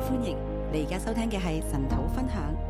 歡迎，你而家收聽嘅係神土分享。